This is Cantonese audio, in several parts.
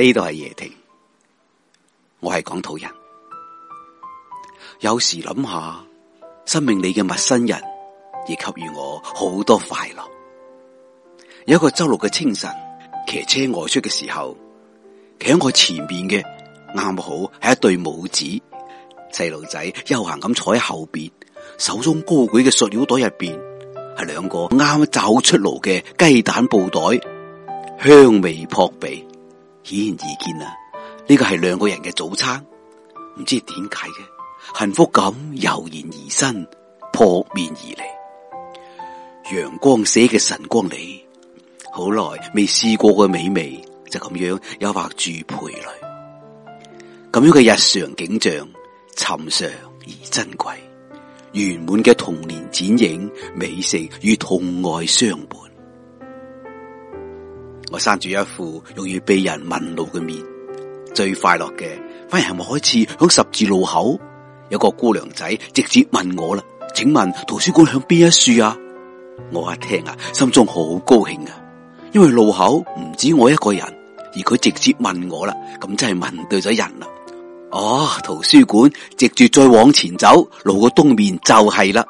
呢度係夜庭，我係港土人。有時諗下，生命裏嘅陌生人，亦給予我好多快樂。有一個周六嘅清晨，騎車外出嘅時候，企喺我前面嘅，啱好係一對母子，細路仔悠閒咁坐喺後邊，手中高舉嘅塑料袋入邊係兩個啱走出爐嘅雞蛋布袋，香味撲鼻。顯而易見啊！呢個係兩個人嘅早餐，唔知點解嘅幸福感油然而生，撲面而嚟。陽光寫嘅晨光裏，好耐未試過嘅美味就咁樣誘惑住陪侶。咁樣嘅日常景象，尋常而珍貴，圓滿嘅童年剪影，美食與痛愛相伴。我生住一副容易被人問路嘅面，最快樂嘅反而係我開始響十字路口有個姑娘仔直接問我啦，請問圖書館響邊一樹啊？我一聽啊，心中好高興啊，因為路口唔止我一個人，而佢直接問我啦，咁真係問對咗人啦。哦，圖書館直住再往前走，路嘅東面就係啦，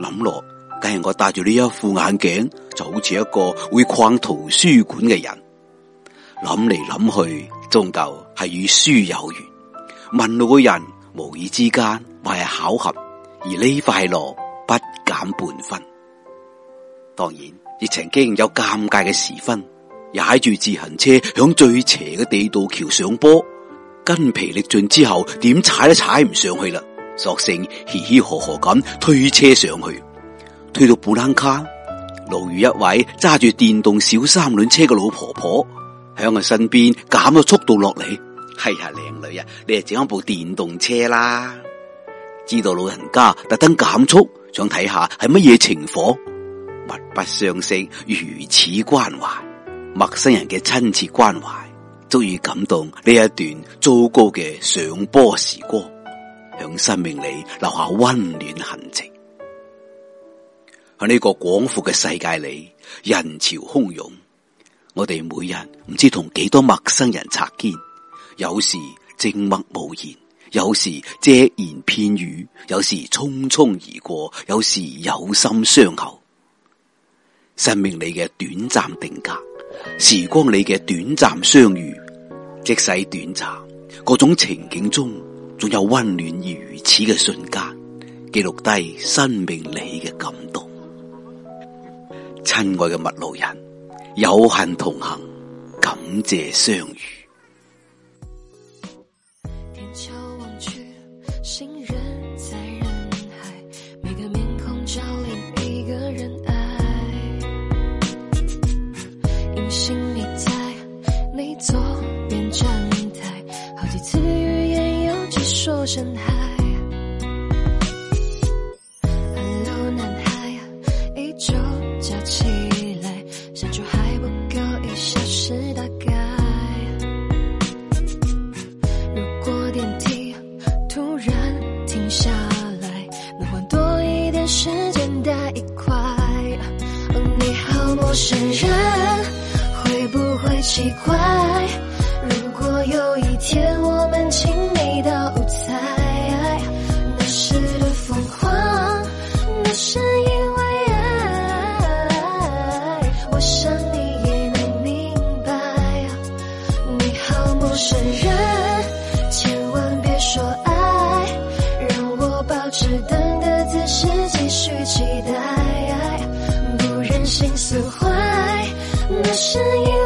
諗落。假如我戴住呢一副眼鏡，就好似一個會逛圖書館嘅人，諗嚟諗去，終究係與書有緣。問路嘅人，無意之間，或係巧合，而呢快樂不減半分。當然，亦曾經有尷尬嘅時分，踩住自行車響最斜嘅地道橋上坡，筋疲力盡之後，點踩都踩唔上去啦，索性嘻嘻呵呵咁推車上去。去到布蘭卡，路遇一位揸住電動小三輪車嘅老婆婆，響我身邊減咗速度落嚟。係、哎、啊，靚女啊，你係整一部電動車啦。知道老人家特登減速，想睇下係乜嘢情況。物不相識，如此關懷，陌生人嘅親切關懷，足以感動呢一段糟糕嘅上坡時光，響生命裏留下溫暖痕迹。喺呢個廣闊嘅世界裏，人潮洶湧，我哋每日唔知同幾多陌生人擦肩，有時靜默無言，有時遮言片語，有時匆匆而過，有時有心相候。生命裏嘅短暫定格，時光裏嘅短暫相遇，即使短暫，各種情景中，仲有溫暖如此嘅瞬間，記錄低生命裏嘅感動。親愛嘅陌路人，有幸同行，感謝相遇。承認會不會奇怪？如果有一天我……那聲音。